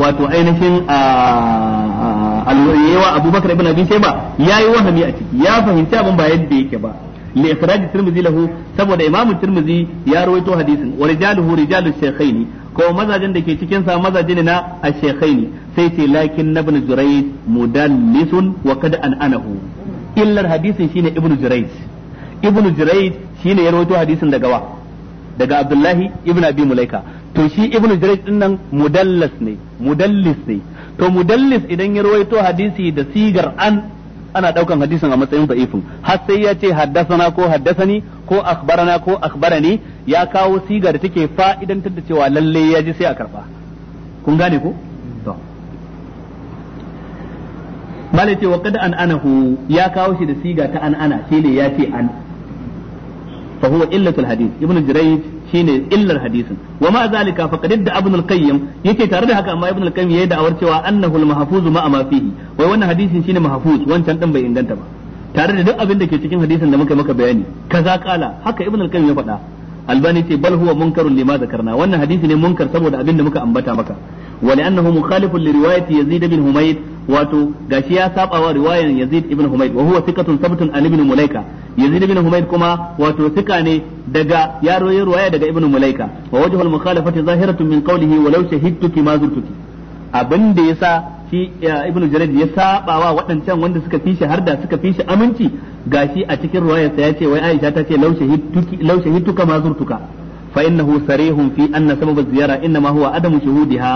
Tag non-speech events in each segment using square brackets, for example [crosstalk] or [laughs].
wato ainihin ah, ah, ah, yawa abubakar ibn ba ya yi wahami a ciki ya fahimci abin ba yadda yake ba li ikhraj tirmidhi lahu saboda imam tirmidhi ya rawaito hadisin wa rijaluhu rijalu shaykhaini ko mazajin da ke cikin sa mazajin na ash-shaykhaini sai ce lakin nabnu jurayj mudallisun wa kad anahu. illar hadisin shine ibn jurayj ibn jurayj shine ya rawaito hadisin daga wa daga abdullahi ibn abi mulaika to shi ibnu jarir din nan mudallas ne mudallis ne to mudallis idan ya rawaito hadisi da sigar an ana daukan hadisin a matsayin da'ifin har sai ya ce haddasana ko haddasani ko akhbarana ko akhbarani ya kawo sigar da take fa'idan da cewa lalle ya ji sai a karba kun gane ko to bale ce wa qad an anahu ya kawo shi da siga ta an ana shine ya ce an fa huwa illatul hadith ibnu jurayj shine illar hadisin wa ma zalika faqad da ibn al-qayyim yake tare da haka amma ibn al-qayyim yayi da'awar cewa annahu al-mahfuz ma ma fihi wai wannan hadisin shine mahfuz wancan din bai inganta ba tare da duk abin da ke cikin hadisin da muka maka bayani kaza kala haka ibn al-qayyim ya faɗa albani ce bal huwa munkarun lima zakarna wannan hadisi ne munkar saboda abin da muka ambata maka wa li'annahu mukhalifun li riwayati yazid ibn humayd wato gashi ya saba wa riwayan yazid ibn humayd wa huwa thiqatun sabtun an ibn mulaika yazid ibn humayd kuma wato thika ne daga ya roye riwaya daga ibn mulaika wa wajhul mukhalafati zahiratun min qawlihi walau shahidtuki ma zurtuki ya sa. yasa shi ibnu jarir ya saba wa waɗancan wanda suka fi shi harda suka fi shi aminci gashi a cikin ruwayarsa ya ce wai Aisha ta ce law shahidtuka ma zurtuka fa innahu sarihun fi anna ziyara inna ma huwa adamu shuhudiha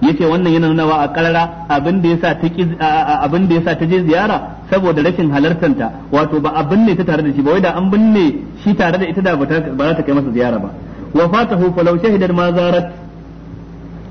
yace wannan yana nuna wa a karara abin da yasa ta abin da yasa ta je ziyara saboda rashin halartanta wato ba abin ne ta tare da shi ba wai da an binne shi tare da ita da ba za ta kai masa ziyara ba wafatahu falau shahidar ma zarat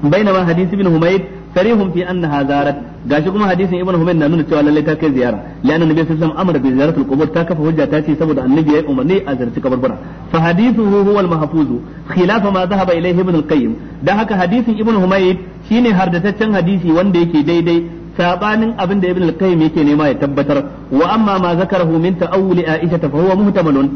bainama hadisi ibn humayd sarihun fi annaha zarat gashi kuma hadisin ibnu humayn na nuna cewa lalle ta kai ziyara lian annabi sallallahu alaihi wasallam amara bi ta kafa hujja ta ce saboda annabi ya umarni a zarci kabarbara fa hadithuhu huwa al mahfuz khilaf ma dhahaba ilayhi ibn al qayyim dan haka hadisin ibnu humayd shine hardataccen hadisi wanda yake daidai sabanin abin da ibn al-qayyim yake nema ya tabbatar wa amma ma zakarahu min ta'awuli aisha fa huwa muhtamalun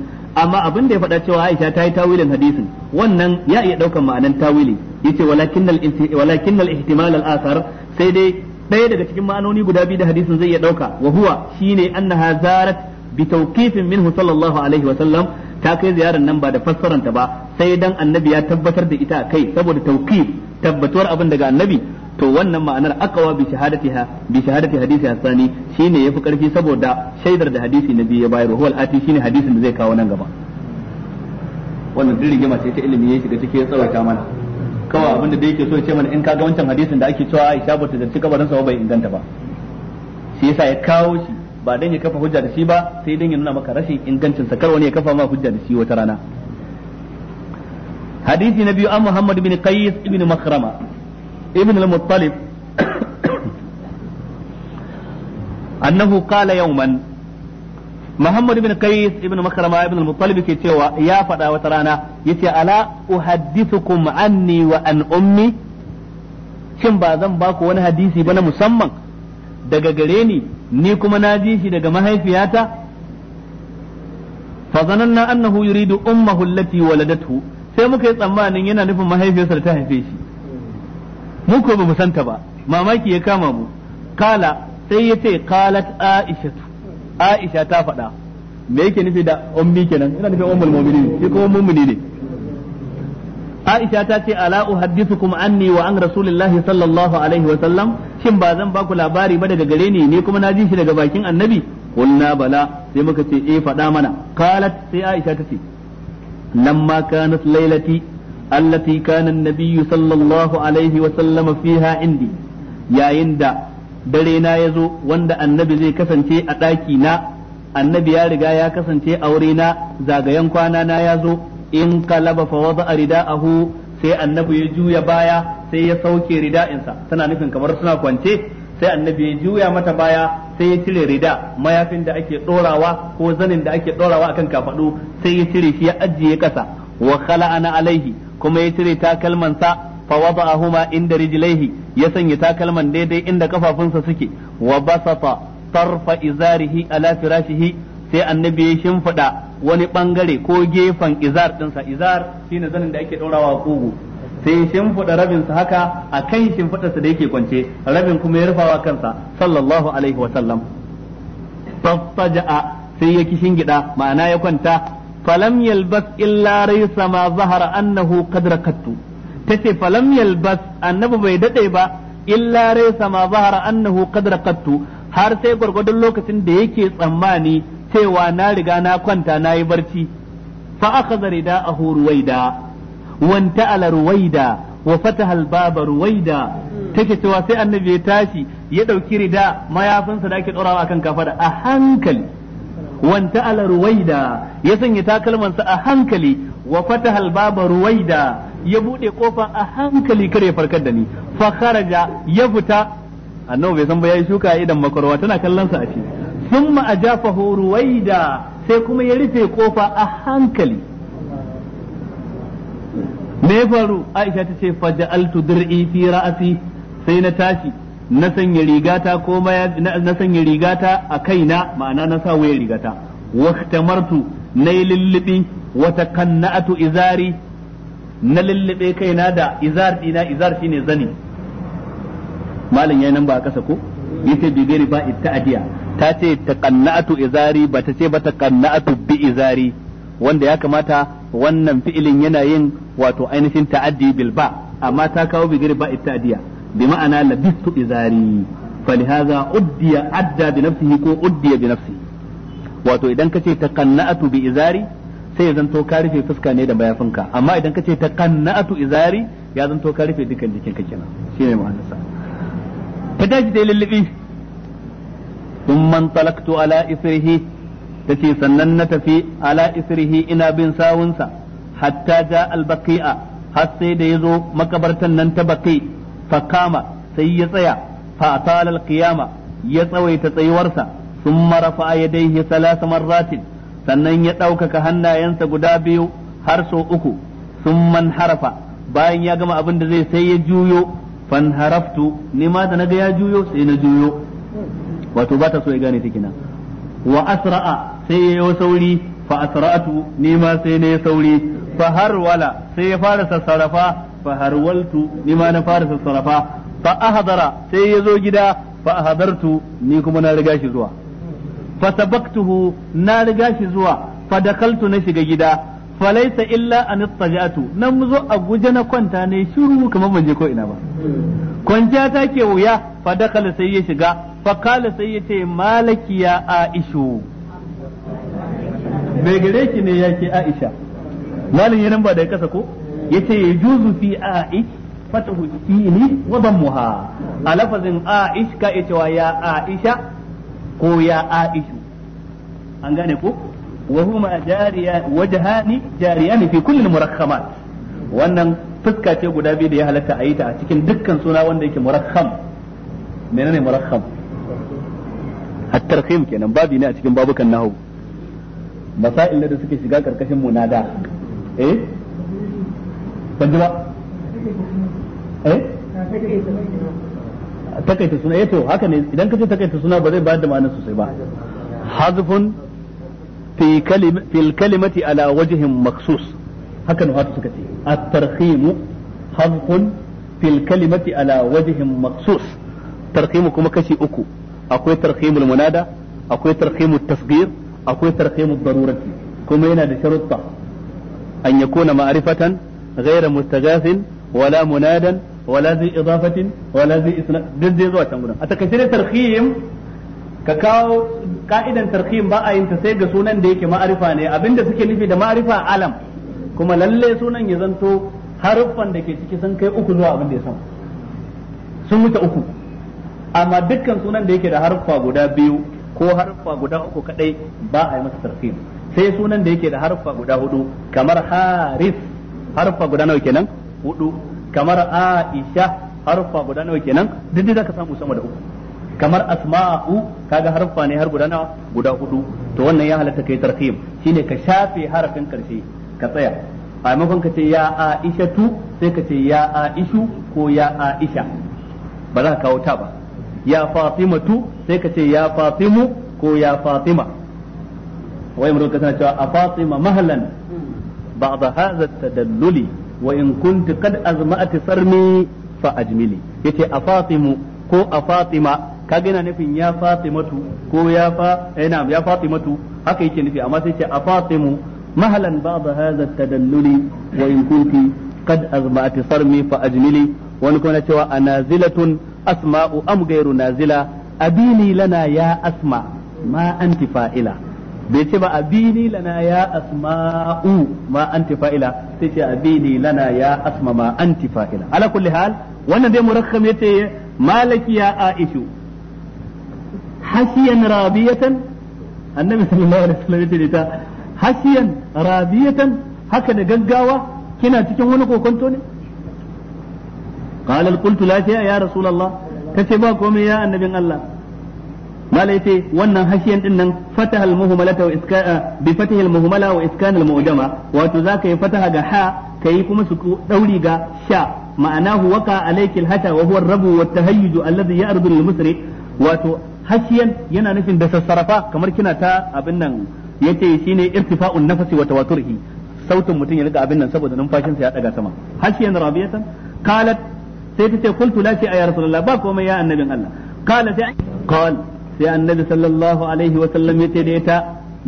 amma abin da ya fada cewa aisha ta yi tawilin hadisin wannan ya iya daukan ma'anan tawili yace walakin walakin al-ihtimal al-athar sai dai ɗaya daga cikin ma'anoni guda biyu da hadisin zai iya dauka wa huwa shine annaha zarat bi tawqifin minhu sallallahu alaihi wa sallam ta kai ziyarar nan ba da fassaranta ba sai dan annabi ya tabbatar da ita kai saboda tawqif tabbatuwar abin daga annabi to wannan ma'anar akawa bi shahadatiha bi shahadati hadisi hasani shine yafi karfi saboda shaidar da hadisi na biyu ya bayar huwal ati shine hadisin da zai kawo nan gaba wannan din rigima ce ta ilimi ya shiga cikin ya tsawaita mana kawai abinda da yake so ya ce mana in kaga wancan hadisin da ake cewa Aisha bata zarci kabarin sa bai inganta ba shi yasa ya kawo shi ba dan ya kafa hujja da shi ba sai dan ya nuna maka rashin ingancin sa kar wani ya kafa ma hujja da shi wata rana hadisi na biyu an Muhammad bin Qais ibn Makrama ibn al-muttalib annahu qala yawman Muhammad ibn Qais ibn Makrama ibn al-Muttalib ke cewa ya faɗa wata rana ya ce ala uhaddithukum anni wa an shin ba zan ba ku wani hadisi ba na musamman daga gare ni ni kuma na ji shi daga mahaifiyata fa zananna annahu yuridu ummahu allati waladathu sai muka yi tsammanin yana nufin mahaifiyarsa da ta haife shi mu ko ba mu ta ba mamaki ya kama mu kala sai ya ce qalat aisha aisha ta faɗa me yake nufi da ummi kenan ina nufin ummul mu'minin shi ko mu'mini ne Aisha ta ce ala uhaddithukum anni wa an rasulillahi sallallahu alaihi wa sallam shin ba zan baku labari ba daga gare ni ne kuma na ji shi daga bakin annabi qulna bala sai muka ce eh faɗa mana qalat sai Aisha ta ce lamma kanat lailati التي كان النبي صلى الله عليه وسلم فيها عندي يا يندا درينا يزو وند النبي زي كسنتي أتاكينا النبي يا رجا يا كسنتي أورينا زاغيان كوانانا يزو إن قلب فوضع رداءه sai annabi ya juya baya sai ya sauke rida'insa tana nufin kamar suna kwance sai annabi ya juya mata baya sai ya cire rida mayafin da ake dorawa ko zanin da ake dorawa akan kafadu sai ya cire shi ya ajiye kasa wa khala'ana alaihi kuma ya cire takalman sa fa huma inda rijlaihi ya sanya takalman daidai inda kafafunsa suke wa basata tarfa izarihi ala firashihi sai annabi ya shimfida wani bangare ko gefen izar dinsa izar shine zanin da ake daurawa kugu sai ya shimfida rabin sa haka akan sa da yake kwance rabin kuma ya rufawa kansa sallallahu alaihi wa sallam fastaja'a sai ya kishin gida ma'ana ya kwanta falam yalbas illa raisa ma zahara annahu qad rakattu tace falam yalbas annabi bai dade ba illa raisa ma zahara annahu qad rakattu har sai gwargwadon lokacin da yake tsammani cewa na riga na kwanta na yi barci fa akhadha rida'ahu ruwaida wanta ala ruwaida wa fataha al ruwaida take cewa sai annabi ya tashi ya dauki rida mayafinsa da ake dorawa akan kafada a hankali wanta ala ruwaida ya sanya takalmansa a hankali wa fataha albaba ruwaida ya bude kofan a hankali kare farkar da ni fa kharaja ya fita annabi bai san ba yayi shuka idan makarwa tana kallon sa a ce thumma ajafahu ruwaida sai kuma ya rufe kofa a hankali me faru aisha tace ce dir'i fi ra'asi sai na tashi na sanya rigata ko na sanya rigata a kaina ma'ana na sa wayar rigata wahtamartu na yi lullubi wata kanna'atu izari na lullube kaina da izar dina izar shine zani malam yayin nan ba a kasa ko yace bi gari ba adiya ta ce ta kanna'atu izari ba ta ce ba ta kanna'atu bi izari wanda ya kamata wannan fi'ilin yana yin wato ainihin ta'addi bil ba amma ta kawo bi gari ba adiya. bi ma'ana labistu izari falihaza uddiya adda bi nafsihi ko uddiya bi wato idan kace taqanna'atu bi izari sai ya zanto ka rufe fuska ne da bayafinka amma idan kace taqanna'atu izari ya zanto ka rufe dukan jikinka kenan shine ma'anar sa ta daji dai lullubi thumma talaqtu ala isrihi tace sannan na tafi ala isrihi ina bin sawunsa hatta ja al-baqi'a har sai da yazo makabartan nan ta baqi' fakama sai ya tsaya fa atalal qiyama ya tsawaita tsayuwarsa summa rafa'a yadayhi salasa marratin sannan ya ɗaukaka hannayensa guda biyu har sau uku sun harafa bayan ya gama abin da zai sai ya juyo fan haraftu ni ma da naga ya juyo sai na juyo wato ba ta so ya gane ta kina wa asra'a sai ya yi sauri fa asra'atu ni ma sai na yi sauri fa wala sai ya fara sassarafa fa harwaltu ni na fara sassarafa fa ahdara sai yazo gida fa ahdartu ni kuma na riga shi zuwa fa sabaktuhu na riga shi zuwa fa dakaltu na shiga gida fa laysa illa an ittaja'tu nan mu zo a guje na kwanta ne shiru kamar ban je ko ina ba kwanciya ta ke wuya fa dakala sai ya shiga fa kala sai ya ce malaki aishu bai gare ki ne yake aisha malin yanan ba da ya kasa ko yace yajuzu fi aish fatahu fihi wa dammuha a lafazin aish ka ita wa ya aisha ko ya aishu an gane ko wa huma jariya wajhani jariyani fi kulli murakkamat wannan fuska ce guda biyu da ya halatta a yi ta a cikin dukkan suna wanda yake murakkam menene murakkam at-tarhim kenan babi ne a cikin babukan nahwu masail da suke shiga karkashin munada eh ban ji ba eh takaita suna eh to haka ne idan ka ce takaita suna ba zai bayar da ma'ana sosai ba hazfun fi kalimati ala wajhin maksus haka ne hatu suka ce at tarhimu hazfun fil kalimati ala wajhin maksus tarhimu kuma kashi uku akwai tarhimul munada akwai tarhimul tasghir akwai tarhimul darurati kuma yana da sharuɗa an yakuna ma'rifatan غير مستغاث ولا منادا ولا ذي إضافة ولا ذي إسناد duk zai zuwa can gudan a takaice da ka kawo ka'idan tarhim ba yin ta sai ga sunan da yake ma'arifa ne abinda suke nufi da a alam kuma lalle sunan ya zanto haruffan da ke ciki sun kai uku zuwa abin da ya sama sun wuce uku amma dukkan sunan da yake da haruffa guda biyu ko haruffa guda uku kadai ba a yi masa tarhim sai sunan da yake da haruffa guda hudu kamar haris harfa guda nawa kenan hudu kamar aisha harfa guda nawa kenan duk da zaka samu sama da uku kamar asma'u kaga harfa ne har guda nawa guda hudu to wannan ya halatta kai tarhim shine ka shafe harafin karshe ka tsaya a maimakon ka ce ya aisha tu sai ka ce ya aishu ko ya aisha ba za ka kawo ta ba ya fatima tu sai ka ce ya fatimu ko ya fatima wai mun ka tana cewa a fatima mahallan بعض هذا التدلل وإن كنت قد أزمأت صرمي فأجملي يتي أفاطم كو أفاطمة كاجنا نفي يا فاطمة كو يا فا اي نعم يا فاطمة هكا يتي نفي أما تيتي أفاطم مهلا بعض هذا التدلل وإن كنت قد أزمأت صرمي فأجملي ونكون سوى أنازلة أسماء أم غير نازلة أبيني لنا يا أسماء ما أنت فائلة bai ce ba abini lana ya asma'u ma anti fa'ila sai ce abini lana ya asma ma anti fa'ila ala kulli hal wannan dai murakkam yace malaki ya aishu hashiyan rabiyatan annabi sallallahu alaihi wasallam yace ta hashiyan rabiyatan haka da gaggawa kina cikin wani kokonto ne qala qultu la shay'a ya rasulullah kace ba komai ya annabin Allah malai yace wannan hashiyan din nan fataha al-muhmalata wa iska eh, bi wato zaka yi fataha ga ha kai kuma su dauri ga sha ma'anahu waka alayki al-hata wa huwa ar-rabu wa at-tahayyuj alladhi ya'rudu al wato hashiyan yana nufin da sassarafa kamar kina ta abin nan yace shine irtifa'un nafsi wa tawaturhi sautin mutum ya riga abin nan saboda numfashinsa ya daga sama hashiyan rabiyatan qalat sai tace ba komai ya annabin Allah sai sai annabi sallallahu alaihi wa sallam ya ce da ita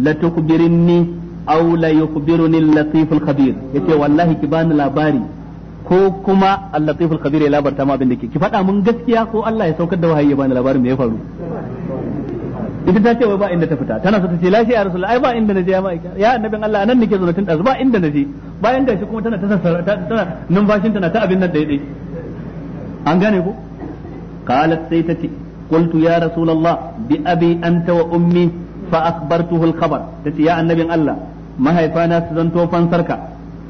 la tukbirinni aw la yukbiruni al-latif al-khabir yace wallahi ki bani labari ko kuma al-latif al-khabir ya labarta ma abin da ke ki faɗa mun gaskiya ko Allah ya saukar da wahayi ya bani labarin me ya faru ita ta ce wai ba inda ta fita tana so ta ce lafiya ya rasul ai ba inda naje ya ma'aika ya annabin Allah anan nake zaune tun ɗazu ba inda naje bayan gashi kuma tana ta sassara tana numfashin tana ta abin nan daidai an gane ko qalat sai qultu ya rasulullah bi abi anta wa ummi fa akhbartuhu al-khabar tace ya annabin Allah mahaifana su zanto fansarka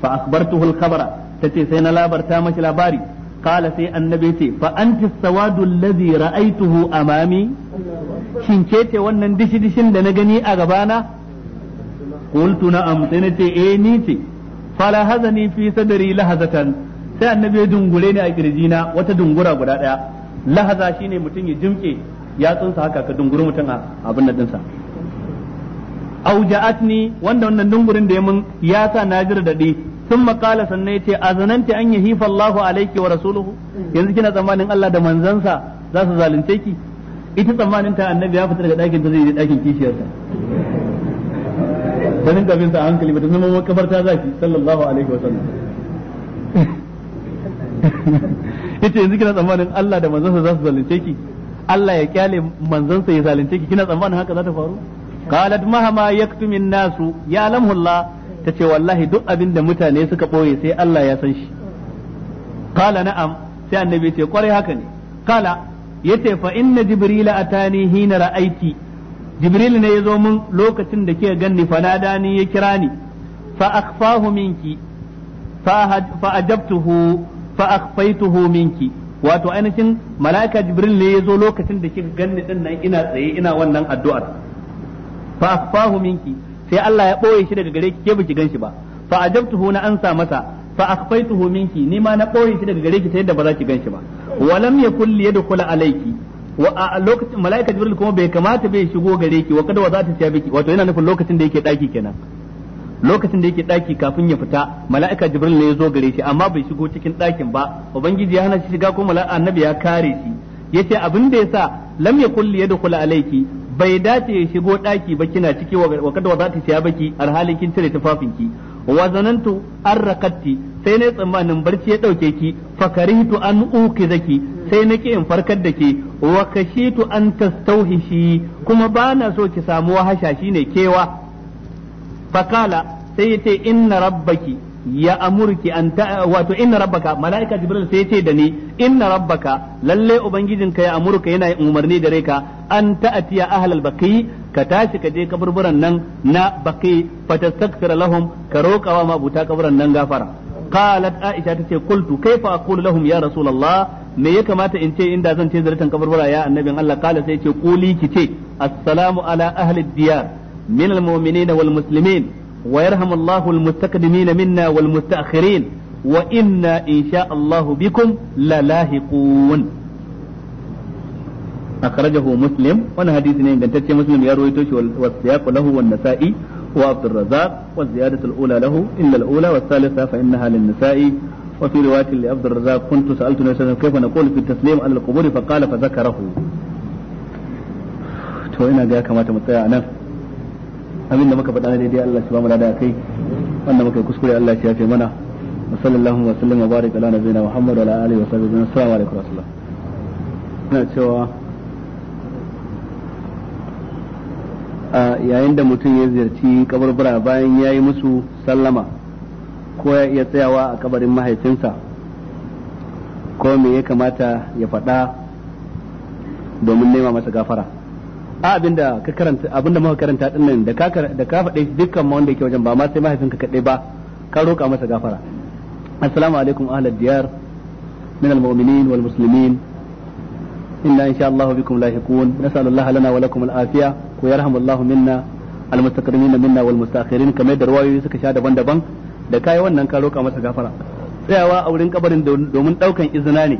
fa akhbartuhu al-khabara tace sai na labarta mashi labari قال سي النبي تي فأنت السواد الذي رأيته أمامي شنكيتي wannan dishi dishin da na gani a gabana qultu na'am sai nace eh ni ce fala hazani fi sadri lahazatan sai annabi ya dungure ni a kirjina wata dungura guda ɗaya. lahaza shine mutum ya jimke ya tsunsa haka ka dunguri mutum a abin nan dinsa auja'atni wanda wannan dungurin da ya mun ya sa na jira dadi sun makala sannan yace azananti an yahifa Allahu alayki wa rasuluhu yanzu kina tsammanin Allah da manzansa za su zalunce ki ita tsammanin ta annabi ya fita daga dakin ta zai je dakin kishiyarta sanin kafin sa hankali bata zama ta zaki sallallahu alaihi wa sallam yace yanzu kina tsammanin Allah da manzansa za su zalunce ki Allah ya kyale manzansa ya zalunce ki kina tsammanin haka za ta faru qalat mahama yaktumin nasu ya Allah tace wallahi duk abin da mutane suka boye sai Allah ya san shi qala na'am sai annabi ce kwarai haka ne qala yace fa inna jibrila atani hina ra'aiti jibril ne yazo mun lokacin da kika ganni fa ni ya kira ni fa akhfahu minki fa ajabtuhu fa akhfaytuhu minki wato ainihin malaika jibril ne yazo lokacin da kika ganni din nan ina tsaye ina wannan addu'ar fa akhfahu minki sai Allah ya boye shi daga gare ki ke biki ganshi ba fa ajabtuhu na ansa masa fa akhfaytuhu minki ni ma na boye shi daga gare ki ta yadda ba za ki ganshi ba wa lam yakul liyadkhula alayki wa a lokacin malaika jibril kuma bai kamata bai shigo gare ki wa kada wa za ta biki wato yana nufin lokacin da yake daki kenan lokacin da yake daki kafin ya fita mala'ika jibril ne ya zo gare shi amma bai shigo cikin dakin ba ubangiji ya hana shi shiga ko mala'ika annabi ya kare shi yace abin da yasa lam yakulli yadkhul alayki bai dace ya shigo daki ba kina ciki wa kada wa zata shiya baki alhalin kin cire tufafinki wa zanantu arraqatti sai ne tsammanin barci ya dauke ki fakarihtu an uki zaki sai nake in farkar da ke wa kashitu an tastauhishi kuma bana so ki samu wahasha shine kewa fakala sai yace inna rabbaki ya amurki an ta wato inna rabbaka malaika jibril sai yace da ni inna rabbaka lalle ka ya amurka yana umarni da ka an ta'tiya ahlal baqi ka tashi ka je kaburburan nan na baqi fatastaghfir lahum ka roƙawa mabuta kaburburan nan gafara qalat aisha tace qultu kaifa aqulu lahum ya rasulullah me ya kamata in ce inda zan ci zartan kabarbara ya annabin Allah kala sai ce kuli ki ce assalamu ala ahli diyar من المؤمنين والمسلمين ويرحم الله المستقدمين منا والمستأخرين وإنا إن شاء الله بكم للاهقون أخرجه مسلم وأنا حديث إن كنت مسلم يروي والسياق له والنسائي وعبد الرزاق والزيادة الأولى له إلا الأولى والثالثة فإنها للنسائي وفي رواية لعبد الرزاق كنت سألت نفسي كيف نقول في التسليم على القبور فقال فذكره to ina ga ya kamata mu tsaya nan abin da muka faɗa ne daidai Allah shi ba mu da kai wanda muka yi kuskure Allah shi ya fi mana wa sallallahu wa sallam wa baraka ala nabiyina Muhammad wa alihi wa sahbihi assalamu alaikum warahmatullahi ina cewa a yayin da mutum ya ziyarci kabarbura bayan ya yi musu sallama ko ya iya tsayawa a kabarin mahaifinsa ko me ya kamata ya faɗa domin nema masa gafara a da ka karanta abin da muka karanta din nan da ka da ka faɗe dukkan ma wanda yake wajen ba ma sai mahaifinka kaɗai ba ka roƙa masa gafara assalamu alaikum ahlal diyar min almu'minin wal muslimin inna insha Allah bikum lahiqun nas'al Allah lana wa lakum al-afiya wa yarhamu Allah minna al-mustaqdimin minna wal mustaakhirin kamar da ruwayoyi suka sha daban-daban da kai wannan ka roƙa masa gafara tsayawa a wurin kabarin domin daukan izina ne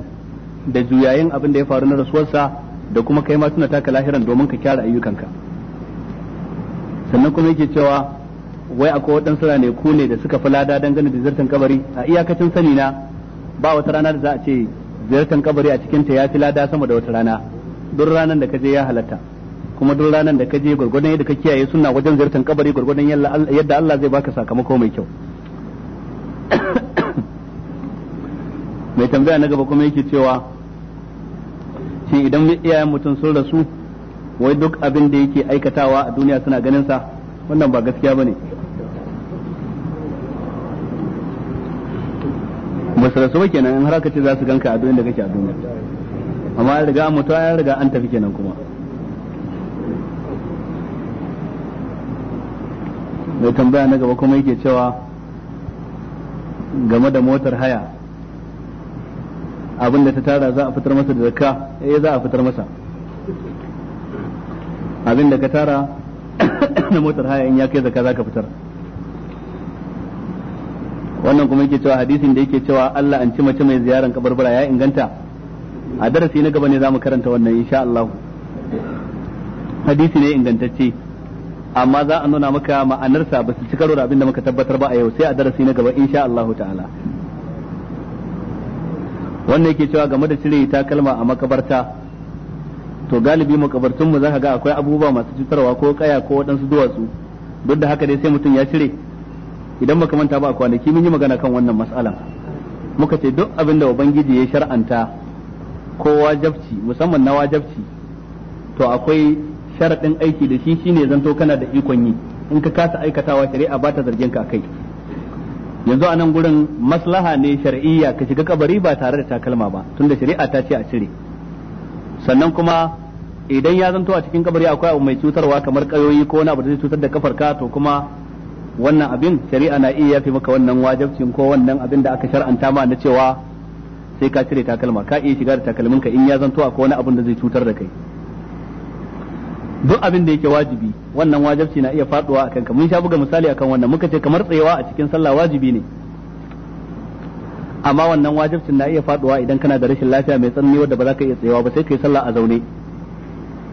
da juyayin abin da ya faru na rasuwarsa da kuma kai ma suna taka lahiran domin ka kyara ayyukanka sannan kuma yake cewa wai akwai waɗansu ku ne da suka fi lada dangane da ziyartar kabari a iyakacin sani na ba wata rana da za a ce ziyartar kabari a cikin ta ya fi lada sama da wata rana duk ranar da ka je ya halatta kuma duk ranar da ka je gwargwadon yadda ka kiyaye suna wajen ziyartar kabari gwargwadon yadda Allah zai baka sakamako mai kyau [coughs] mai tambaya na gaba kuma yake cewa shi idan iyayen mutum sun rasu wai duk abin da yake aikatawa a duniya suna ganin sa wannan ba gaskiya ba ba su rasu ba kenan in har aka ce za su ganka a duniya da kake a duniya amma an riga mutuwa ya riga an tafi kenan kuma mai tambaya na gaba kuma yake cewa game da motar haya abin da ta tara za a fitar masa da zakka eh za a fitar masa abin da ka tara [coughs] na motar haya in ya kai zakka za ka fitar wannan kuma yake cewa hadisin da yake cewa Allah an ci mace mai ziyaran kabarbara ya inganta a darasi na gaba ne za mu karanta wannan insha Allah hadisi ne ingantacce amma za a nuna maka ma'anarsa ba su ci karo da abin da muka tabbatar ba a yau sai a darasi na gaba insha Allah ta'ala wanda yake cewa game da cire takalma a makabarta to galibi makabartun mu zaka ga akwai abubuwa masu cutarwa ko kaya ko waɗansu duwatsu duk da haka dai sai mutum ya cire idan baka manta ba a kwanaki mun yi magana kan wannan mas'ala muka ce duk abin da ubangiji ya shar'anta ko wajabci musamman na wajabci to akwai sharaɗin aiki da shi shine zanto kana da ikon yi in ka kasa aikatawa shari'a ba ta zargin ka kai yanzu a nan gurin maslaha ne shar'iyya ka shiga kabari ba tare da takalma ba tunda shari'a ta ce a cire sannan kuma idan ya zanto a cikin kabari akwai abu mai cutarwa kamar kayoyi ko wani abu da zai cutar da kafar ka to kuma wannan abin shari'a na iya yafi maka wannan wajabcin ko wannan abin da aka shar'anta ma na cewa sai ka cire takalma ka iya shiga da takalmin ka in ya zanto akwai wani abin da zai cutar da kai duk abin da yake wajibi wannan wajibci na iya faduwa akan ka mun sha buga misali akan wannan muka ce kamar tsayawa a cikin sallah wajibi ne amma wannan wajibcin na iya faduwa idan kana da rashin lafiya mai tsanani wanda ba za ka iya tsayawa ba sai kai sallah a zaune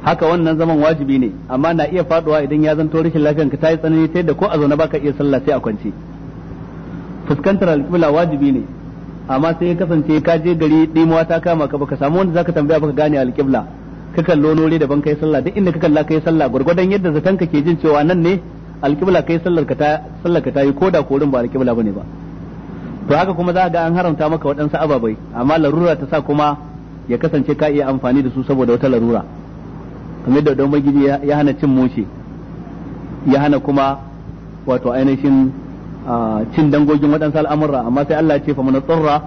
haka wannan zaman wajibi ne amma na iya faduwa idan ya zanto rashin lafiyar ka ta yi tsanani sai da ko a zaune baka iya sallah sai a kwance fuskantar alƙibla wajibi ne amma sai ya kasance ka je gari dimuwa ta kama ka baka samu wanda zaka tambaya baka gane alƙibla ka kallo nore daban kai sallah duk inda ka kalla kai sallah gurgurdan yadda zatanka ke jin cewa nan ne alƙibla kai sallar ka ta sallar ka ta yi koda korin ba alƙibla bane ba to haka kuma za ga an haramta maka waɗansu ababai amma larura ta sa kuma ya kasance ka iya amfani da su saboda wata larura kamar da don magidi ya hana cin mushe ya hana kuma wato ainihin cin dangogin waɗansu al'amurra amma sai Allah ya ce fa mana tsurra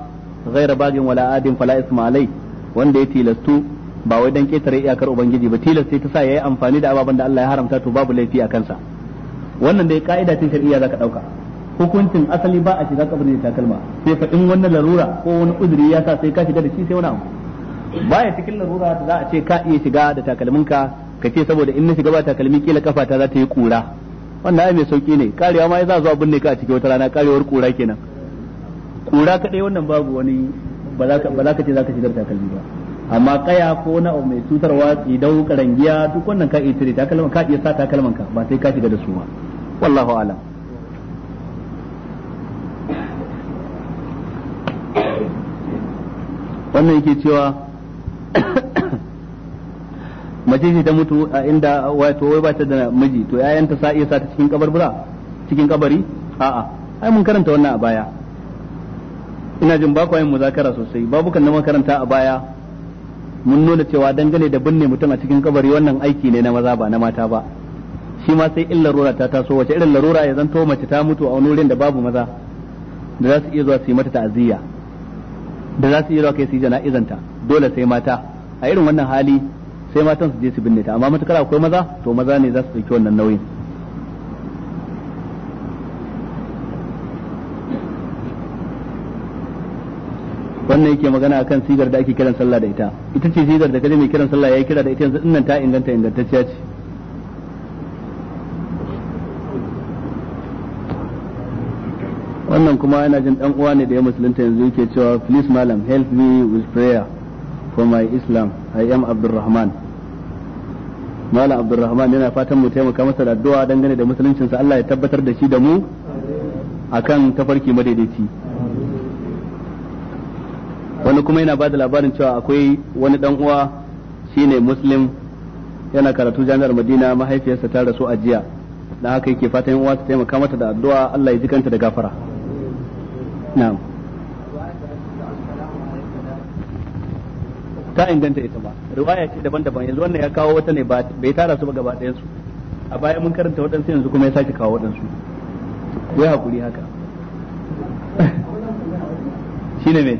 ghaira bagin wala adin fala isma alai wanda ya tilastu ba wai dan ketare iyakar ubangiji ba tilas sai ta sa yayi amfani da ababen da Allah ya haramta to babu laifi a kansa wannan dai ka'ida ce shar'iyya zaka dauka hukuncin asali ba a shiga kabarin da takalma sai fa in wannan larura ko wani uzuri ya sa sai ka shiga da shi sai wani abu baya cikin larura da za a ce ka iya shiga da takalminka ka ce saboda in na shiga ba takalmi kila kafa ta za ta yi kura wannan ai mai sauki ne karewa ma ya za zuwa binne ka a cikin wata rana karewar kura kenan kura kadai wannan babu wani ba za ka ce za ka shiga da takalmi ba amma kaya ko na abu mai cutarwa tsidau karangiya duk wannan ka iya ta takalman ka iya sa takalman ka ba sai ka shiga da su ba wallahu alam wannan yake cewa [coughs] mace ta mutu a inda wato wai ba ta da miji to yayanta sa iya sa ta cikin bura cikin kabari a'a ai mun karanta wannan a baya ina jin ba yin muzakara sosai babu kan na makaranta a baya mun nuna cewa dangane da binne mutum a cikin kabari wannan aiki ne na maza ba na mata ba shi ma sai in larura ta taso wace irin larura ya zanto mace ta mutu a wurin da babu maza da za su iya zuwa su yi mata ta'aziyya da za su iya zuwa su yi jana'izanta dole sai mata a irin wannan hali sai matan su je su binne ta amma matukar akwai maza to maza ne za su ɗauki wannan nauyin wannan yake magana akan sigar da ake kiran sallah da ita ita ce sigar da kaje mai kiran sallah yayi kira da ita yanzu dinnan ta inganta ingantacciya ce wannan kuma yana jin dan uwa ne da ya musulunta yanzu yake cewa please malam help me with prayer for my islam i am abdurrahman malam abdurrahman yana fatan mu taimaka masa da addu'a dangane da musuluncinsa Allah ya tabbatar da shi da mu akan tafarki madaidaici wani kuma yana ba da labarin cewa akwai wani dan uwa shine muslim yana karatu jami'ar madina mahaifiyarsa ta rasu a jiya da haka yake fatan uwa ta taimaka mata da addu'a Allah ya ji kanta da gafara na'am ta inganta ita ba riwaya ce daban-daban yanzu wannan ya kawo wata ne bai tara su ba gaba ɗayan su a baya mun karanta waɗansu yanzu kuma ya sake kawo waɗansu ya haƙuri haka [laughs] shine mai